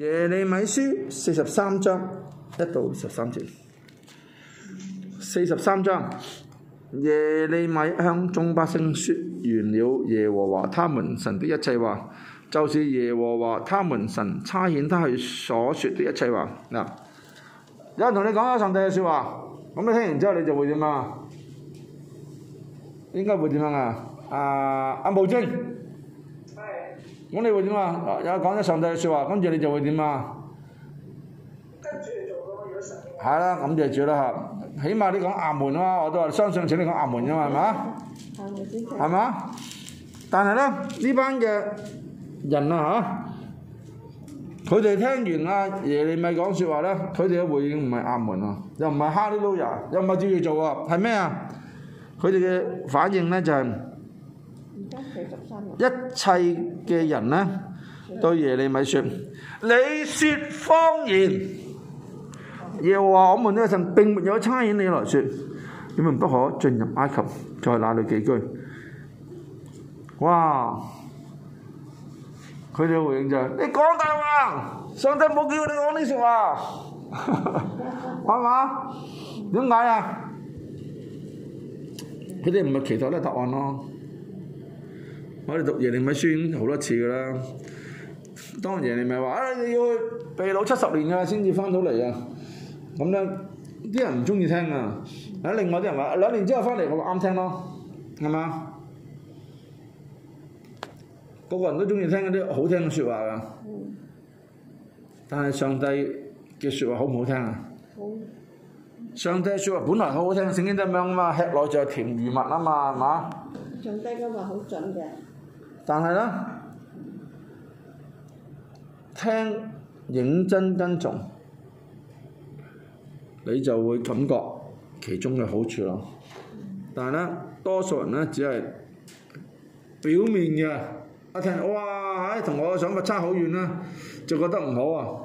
耶利米書四十三章一到十三節。四十三章，耶利米向眾百姓說完了耶和華他們神的一切話，就是耶和華他們神差遣他去所說的一切話。嗱，有人同你講上帝嘅說話，咁你聽完之後，你就會點樣？應該會點樣啊？啊，阿寶晶。咁你會點啊？有講咗上帝嘅説話，跟住你就會點啊？跟係啦，咁就係咗啦嚇。起碼你講阿門啊嘛，我都係相信請你講阿門嘅嘛，係嘛？亞係嘛？但係咧，呢班嘅人啊嚇，佢哋聽完阿耶利米講説話咧，佢哋嘅回應唔係阿門啊，又唔係哈利路亞，又唔係照住做喎，係咩啊？佢哋嘅反應咧就係、是。一切嘅人呢，對耶利米說：，你說謊言，耶和華我們的神並沒有差遣你來說，你們不可進入埃及，在那裏寄居。哇！佢哋回應就係：，你講大話，上帝冇叫你講呢說話，係嘛？點解啊？佢哋唔係期待呢答案咯。我哋讀耶利米書好多次噶啦，當耶利米話：，誒、哎、你要被擄七十年啊，先至翻到嚟啊！咁咧，啲人唔中意聽啊。啊，另外啲人話兩年之後翻嚟，我啱聽咯，係嘛？個個人都中意聽嗰啲好聽嘅説話噶。但係上帝嘅説話好唔好聽啊？上帝嘅説話本來好好聽，聖經都係咁樣啊嘛，吃落就係甜如蜜啊嘛，係嘛？上帝嘅話好準嘅。但係咧，聽認真跟從，你就會感覺其中嘅好處咯。但係呢，多數人呢，只係表面嘅，一、啊、聽哇，唉、哎，同我嘅想法差好遠啦，就覺得唔好啊。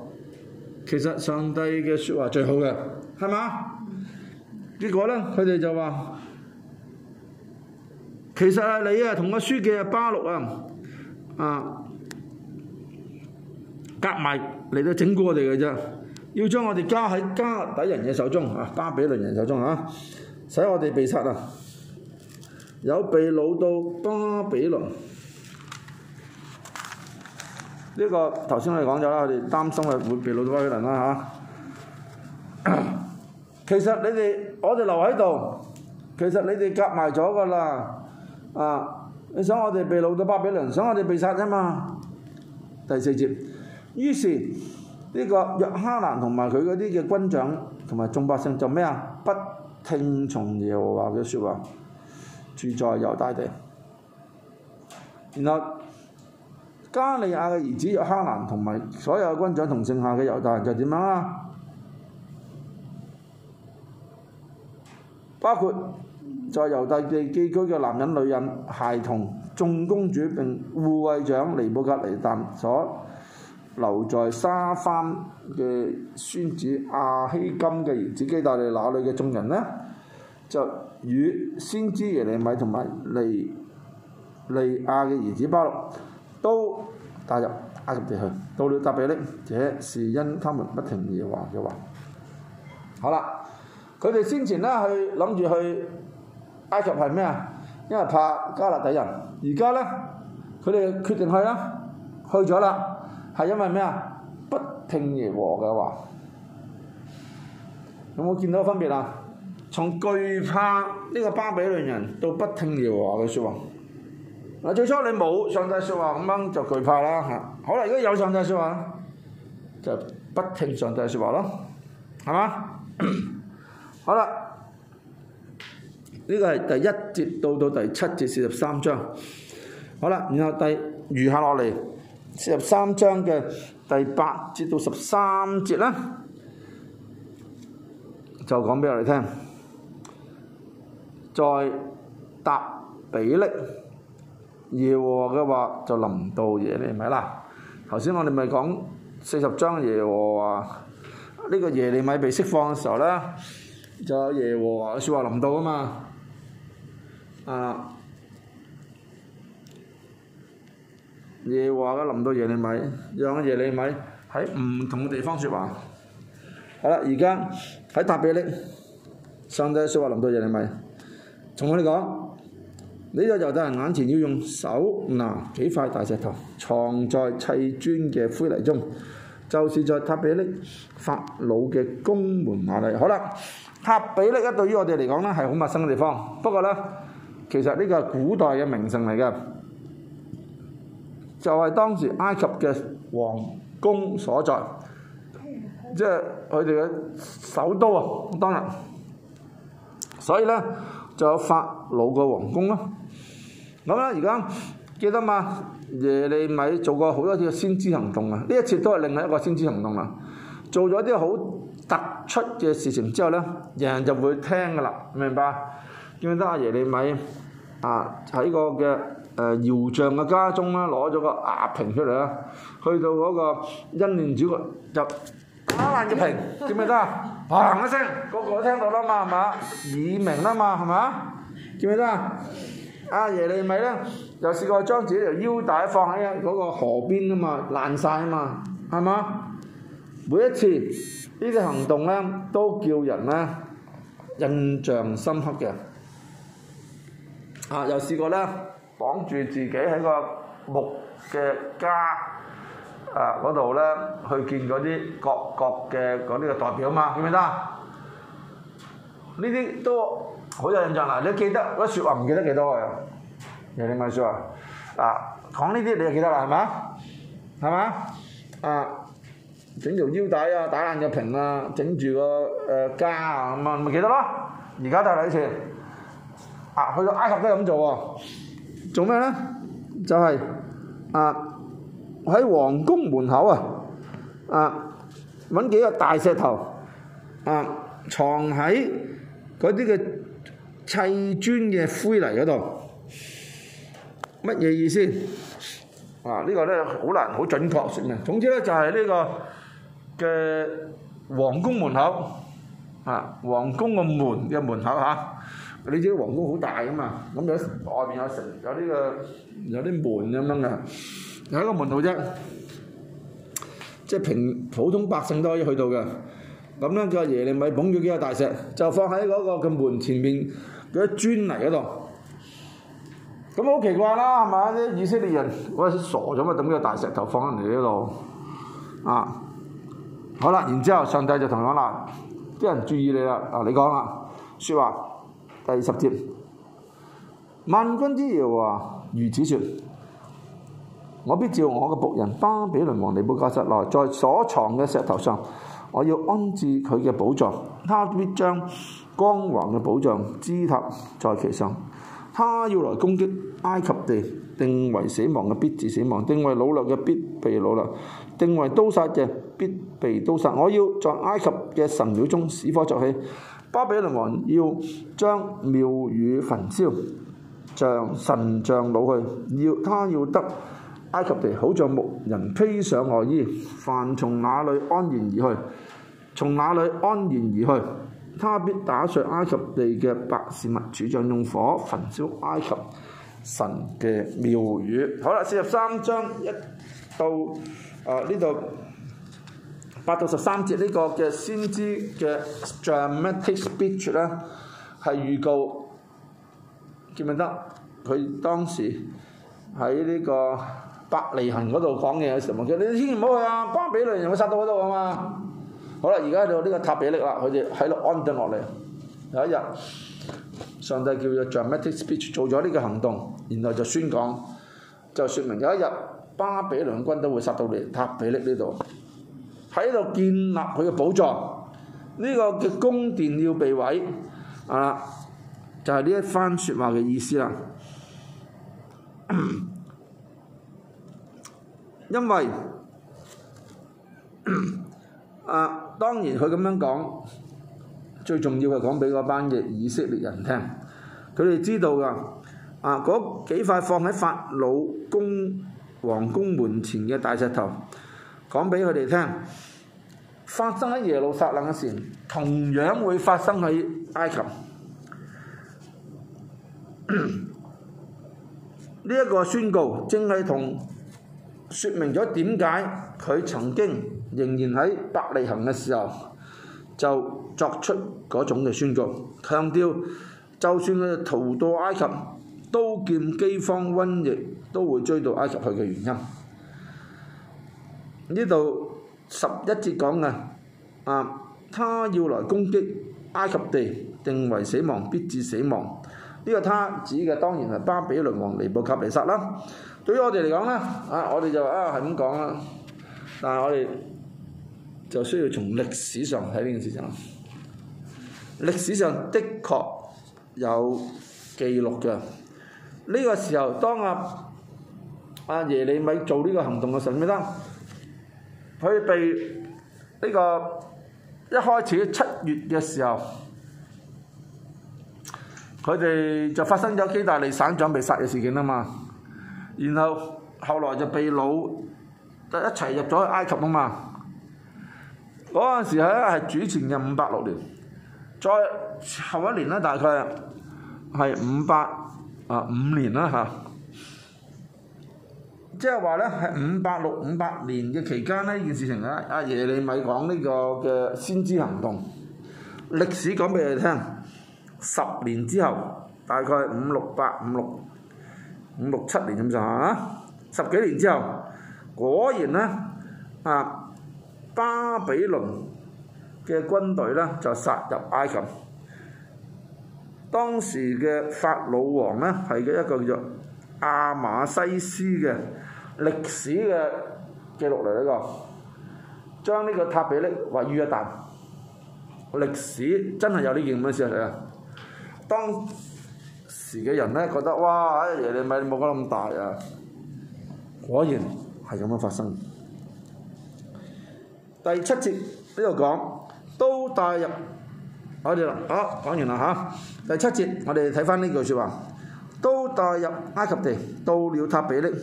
其實上帝嘅説話是最好嘅，係嘛？結果呢，佢哋就話。其實你啊同阿書記啊巴錄啊啊，夾埋嚟到整蠱我哋嘅啫，要將我哋交喺迦底人嘅手中啊，巴比倫人手中啊，使我哋被殺啊，有被擄到巴比倫。呢、這個頭先我哋講咗啦，我哋擔心啊會被擄到巴比倫啦嚇。其實你哋我哋留喺度，其實你哋夾埋咗噶啦。啊！你想我哋被擄到巴比倫，想我哋被殺啫嘛！第四節，於是呢個約哈難同埋佢嗰啲嘅軍長同埋眾百姓就咩啊？不聽從耶和華嘅説話，住在猶大地。然後加利亞嘅兒子約哈難同埋所有嘅軍長同剩下嘅猶大人就點樣啊？包括在猶大地寄居嘅男人、女人、孩童、眾公主並護衛長尼布格尼但所留在沙番嘅孫子亞希金嘅兒子，基大利，那裏嘅眾人呢？就與先知耶利米同埋尼尼，尼利亞嘅兒子巴錄都帶入帶入埃及地去。到了答比匿呢，這是因他們不停嘅話嘅話。好啦，佢哋先前呢，去諗住去。埃及係咩啊？因為怕加勒底人。而家咧，佢哋決定去啦，去咗啦。係因為咩啊？不聽耶和華嘅話。有冇見到分別啊？從懼怕呢個巴比倫人到不聽耶和華嘅説話。嗱，最初你冇上帝説話咁樣就懼怕啦嚇。好啦，如果有上帝説話，就不聽上帝説話咯。係嘛？ 好啦。呢個係第一節到到第七節四十三章，好啦，然後第餘下落嚟四十三章嘅第八節到十三節咧，就講俾我哋聽。再搭比例，耶和華嘅話就臨到耶利米啦。頭先我哋咪講四十章耶和華呢個耶利米被釋放嘅時候咧，就有耶和華嘅說話臨到啊嘛。啊！耶華嘅臨到耶利米，讓耶利米喺唔同嘅地方説話。好啦，而家喺塔比勒上帝説話臨到耶利米。同我哋講，呢、這個猶太人眼前要用手嗱，幾塊大石頭藏在砌磚嘅灰泥中，就是在塔比勒法老嘅宮門瓦裏。好啦，塔比勒咧對於我哋嚟講咧係好陌生嘅地方，不過咧。其實呢個係古代嘅名城嚟嘅，就係、是、當時埃及嘅王宮所在，即係佢哋嘅首都啊，當然，所以咧，就有法老嘅王宮啦。咁咧，而家記得嘛，耶利米做過好多次先知行動啊，呢一次都係另外一個先知行動啦。做咗啲好突出嘅事情之後咧，人，人就會聽㗎啦，明白？見得耶利米啊喺個嘅誒窰匠嘅家中啦，攞咗個瓦瓶出嚟啦，去到嗰個欣嫩子谷入打爛隻瓶，見唔見得？砰一聲，個個都聽到啦嘛，係咪啊？耳鳴啦嘛，係咪啊？見唔見得？耶利米咧又試過將自己條腰帶放喺啊嗰個河邊啊嘛，爛晒啊嘛，係嘛？每一次呢啲行動咧都叫人咧印象深刻嘅。啊！又試過咧，綁住自己喺個木嘅家啊嗰度咧，去見嗰啲各國嘅啲嘅代表嘛，記唔記得？呢啲都好有印象啦！你記得嗰啲説話唔記得幾多嘅？又點啊？講呢啲你就記得啦，係嘛？係嘛？啊！整條腰帶啊，打爛個瓶啊，整住個誒、呃、家啊，咁啊咪記得咯！而家就係呢次。啊！去到埃及都係咁做喎，啊，做咩咧？就係，是，啊喺皇宮門口啊，啊揾幾個大石頭啊，藏喺嗰啲嘅砌磚嘅灰泥嗰度，乜嘢意思？啊、這個、呢個咧好難好準確説嘅。總之咧就係，是，呢、這個嘅皇宮門口啊，皇宮嘅門嘅門口嚇。啊你知道皇宮好大噶嘛？外面有城，有呢、這個有啲門咁樣噶，有一個門道啫。即係平普通百姓都可以去到嘅。咁咧，個耶利米捧住幾個大石，就放喺嗰個嘅門前面嗰啲磚泥嗰度。咁好奇怪啦，係嘛？啲以色列人嗰時傻咗嘛？抌個大石頭放喺嚟呢度。啊，好啦，然之後上帝就同佢講啦：，啲人注意你啦！啊，你講啦，説話。第十節，萬軍之耶和華如此説：我必召我嘅僕人巴比倫王尼布甲尼撒來，在所藏嘅石頭上，我要安置佢嘅寶藏。他必將光華嘅寶藏支搭在其上。他要來攻擊埃及地，定為死亡嘅必致死亡，定為擄掠嘅必被擄掠。定為刀殺嘅，必被刀殺。我要在埃及嘅神廟中使火著起，巴比倫王要將廟宇焚燒，像神像老去。要他要得埃及地，好像牧人披上外衣。凡從哪裏安然而去，從哪裏安然而去，他必打碎埃及地嘅白事物，主將用火焚燒埃及神嘅廟宇。好啦，四十三章一到。啊！呢度八到十三節呢個嘅先知嘅 dramatic speech 咧，係預告，記唔記得？佢當時喺呢個百利行嗰度講嘢嘅時候，佢話：你千祈唔好去啊！巴比倫人會殺到好多啊嘛！好啦，而家喺度呢個塔比力啦，佢哋喺度安定落嚟。有一日，上帝叫咗 dramatic speech 做咗呢個行動，然後就宣講，就説明有一日。巴比倫軍都會殺到嚟塔比利呢度，喺度建立佢嘅寶藏，呢個嘅宮殿要被毀，啊，就係呢一番説話嘅意思啦。因為啊，當然佢咁樣講，最重要係講俾嗰班嘅以色列人聽，佢哋知道㗎，啊，嗰幾塊放喺法老宮。王宮門前嘅大石頭，講俾佢哋聽，發生喺耶路撒冷嘅事，同樣會發生喺埃及。呢一、 呢個宣告，正係同説明咗點解佢曾經仍然喺伯利恆嘅時候，就作出嗰種嘅宣告，強調就算佢逃到埃及，刀劍、饑荒、瘟疫都會追到埃及去嘅原因，呢度十一節講嘅啊，他要來攻擊埃及地，定為死亡，必至死亡。呢個他指嘅當然係巴比倫王尼布甲尼撒啦。對於我哋嚟講呢，啊我哋就啊係咁講啦，但係我哋就需要從歷史上睇呢件事情啦。歷史上的確有記錄嘅。呢個時候，當阿阿耶利米做呢個行動嘅時候，點樣咧？佢被呢個一開始七月嘅時候，佢哋就發生咗基大利省長被殺嘅事件啊嘛。然後後來就被老一齊入咗埃及啊嘛。嗰陣時咧係主前嘅五百六年，再後一年呢，大概係五百。啊，五年啦嚇！啊、即係話咧，係五百六五百八年嘅期間，呢件事情咧，耶利米講呢個嘅先知行動。歷史講俾你聽，十年之後，大概五六八五六五六七年咁上下，十幾年之後，果然咧，啊巴比倫嘅軍隊咧就殺入埃及。當時嘅法老王呢，係一個叫做亞馬西斯嘅歷史嘅記錄嚟呢個，將呢個塔俾呢毀於一旦。歷史真係有呢件咁嘅事嚟啊！當時嘅人呢，覺得哇，哎，你咪冇講咁大啊！果然係咁樣發生。第七節呢度講都帶入。好咗、啊、講完啦嚇。第七節，我哋睇返呢句説話，都帶入埃及地，到了塔比力，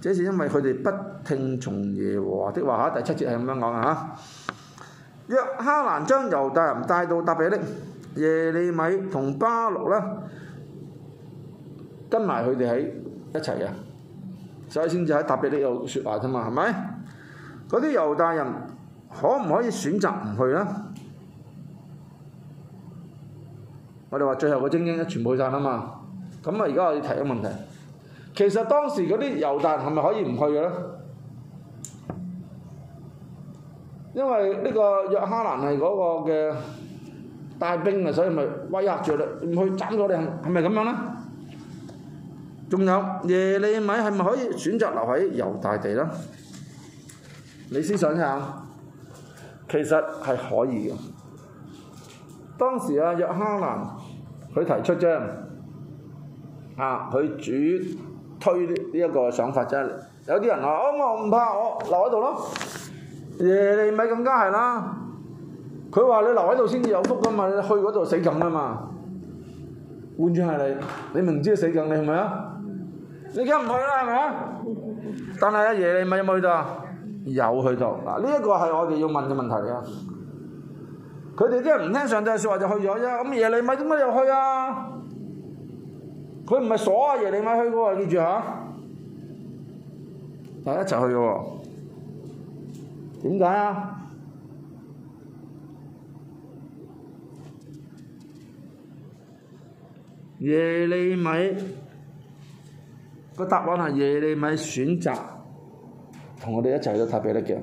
這是因為佢哋不聽從耶和華的話嚇。第七節係咁樣講嚇。約哈蘭將猶大人帶到塔比力，耶利米同巴錄呢跟埋佢哋喺一齊嘅，所以先至喺塔比力有説話啫嘛，係咪？嗰啲猶大人可唔可以選擇唔去呢？我哋話最後個精英一全部去曬啦嘛，咁啊而家我要提個問題，其實當時嗰啲猶大係咪可以唔去嘅呢？因為呢個約哈蘭係嗰個嘅帶兵啊，所以咪威嚇住啦，唔去斬咗你係咪咁樣呢？仲有耶利米係咪可以選擇留喺猶大地呢？你先想下，其實係可以嘅。當時啊約哈難佢提出啫，啊佢主推呢一個想法啫。就是，有啲人話，哦，我唔怕，我留喺度咯。耶利米更加係啦。佢話：你留喺度先至有福㗎，啊，嘛，你去嗰度死梗㗎嘛。換轉係你，你明知死梗，你係咪啊？你梗唔去啦，係咪啊？但係阿耶利米有冇去到啊？有去到。啊，呢，這，一個係我哋要問嘅問題嚟啊！佢哋啲人唔聽上帝説話就去咗啫，咁耶利米點解又去啊？佢唔係鎖啊耶利米去過，記住嚇，啊，係一齊去嘅喎。點解啊？耶利米個答案係耶利米選擇同我哋一齊都特別得嘅。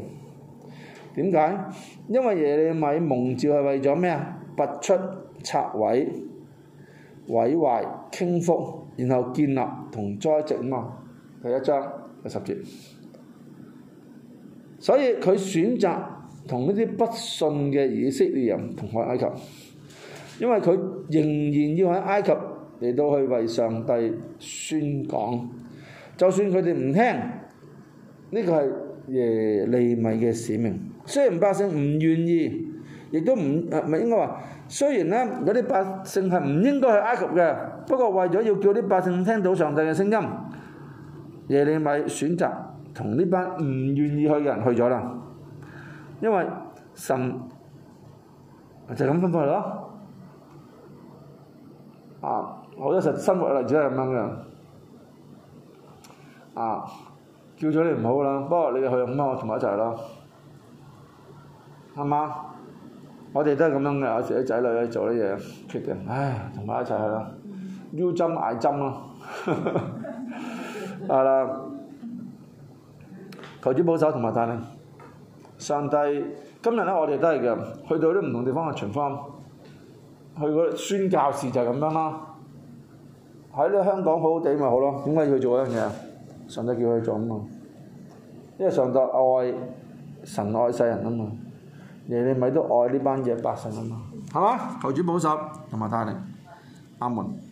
點解？因為耶利米蒙召係為咗咩啊？拔出拆毀、毀壞、傾覆，然後建立同栽植嘛。第一章第十節，所以佢選擇同呢啲不信嘅以色列人同喺埃及，因為佢仍然要喺埃及嚟到去為上帝宣講，就算佢哋唔聽，呢個係耶利米嘅使命。雖然百姓唔願意，亦都唔唔係應該話，雖然咧嗰啲百姓係唔應該去埃及嘅，不過為咗要叫啲百姓聽到上帝嘅聲音，耶利米選擇同呢班唔願意去嘅人去咗啦。因為神就咁、是、吩咐嚟咯。啊，我一實生活例子都係咁樣嘅，啊叫咗你唔好啦，不過你去，咁啱，我同埋一齊啦。係嘛？我哋都係咁樣嘅，我哋啲仔女咧做啲嘢決定，唉，同埋一齊去啦，腰針捱針咯，係、hmm. 啦 jump， , 求主保守同埋帶領，上帝今日咧我哋都係嘅，去到啲唔同的地方去巡訪，去嗰宣教士就係咁樣啦，喺呢香港好好地咪好咯，點解要做嗰樣嘢啊？上帝叫佢做啊嘛，因為上帝愛神愛世人啊嘛。你哋咪都愛呢班嘢百姓啊嘛，係嘛？求主保守同埋帶領，阿門。